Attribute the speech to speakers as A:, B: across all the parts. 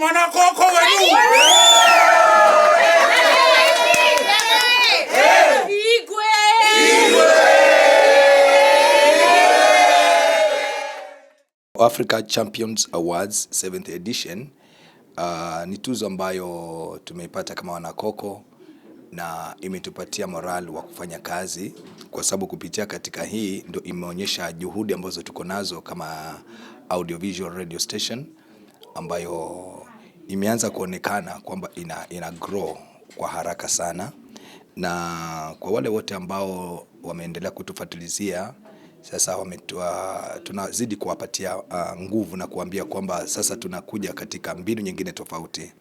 A: Yesu koko wenu
B: Africa Champions Awards 7th edition uh, ni tuzo ambayo tumeipata kama wanakoko na imetupatia moral wa kufanya kazi, kwa sababu kupitia katika hii ndo imeonyesha juhudi ambazo tuko nazo kama audiovisual radio station ambayo imeanza kuonekana kwamba ina, ina grow kwa haraka sana, na kwa wale wote ambao wameendelea kutufatilizia sasa wametua, tunazidi kuwapatia uh, nguvu na kuambia kwamba sasa tunakuja katika mbinu nyingine tofauti.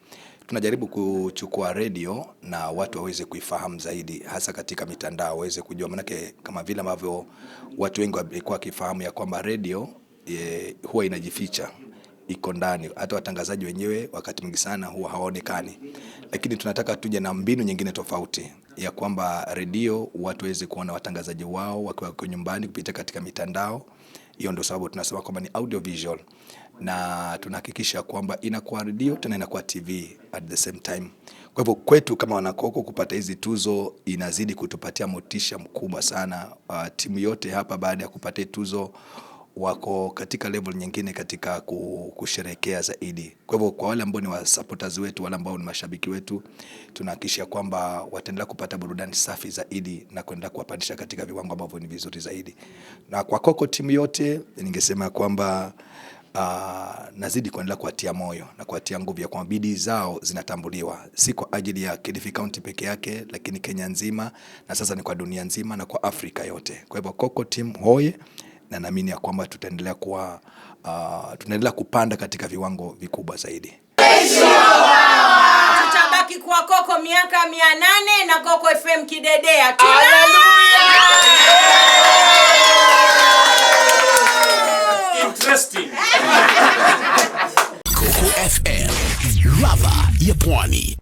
B: Tunajaribu kuchukua redio na watu waweze kuifahamu zaidi, hasa katika mitandao waweze kujua, manake kama vile ambavyo watu wengi wamekuwa wakifahamu ya kwamba redio eh, huwa inajificha iko ndani. Hata watangazaji wenyewe wakati mwingi sana huwa hawaonekani, lakini tunataka tuje na mbinu nyingine tofauti ya kwamba redio watu waweze kuona watangazaji wao wakiwa nyumbani kupitia katika mitandao. Hiyo ndio sababu tunasema kwamba ni audiovisual, na tunahakikisha kwamba inakuwa redio tena inakuwa TV at the same time. Kwa hivyo kwetu kama wanakoko kupata hizi tuzo inazidi kutupatia motisha mkubwa sana. Uh, timu yote hapa baada ya kupata tuzo wako katika level nyingine katika kusherekea zaidi. Kwa hivyo kwa wale ambao ni wa wetu, wale ambao ni mashabiki wetu, tunahakikisha kwamba wataendelea kupata burudani safi zaidi na kuendelea kuwapandisha katika viwango ambavyo ni vizuri zaidi. Na kwa Coco timu yote ningesema kwamba Uh, nazidi kuendelea kuwatia moyo na kuwatia nguvu ya kwamba bidii zao zinatambuliwa, si kwa ajili ya Kilifi County peke yake, lakini Kenya nzima, na sasa ni kwa dunia nzima na kwa Afrika yote. Kwa hivyo Coco team hoye! na naamini ya kwamba tutaendelea kuwa uh, tunaendelea kupanda katika viwango vikubwa zaidi.
C: Tutabaki kuwa Coco miaka mia nane na Coco FM kidedea.
D: Coco FM, ladha ya Pwani.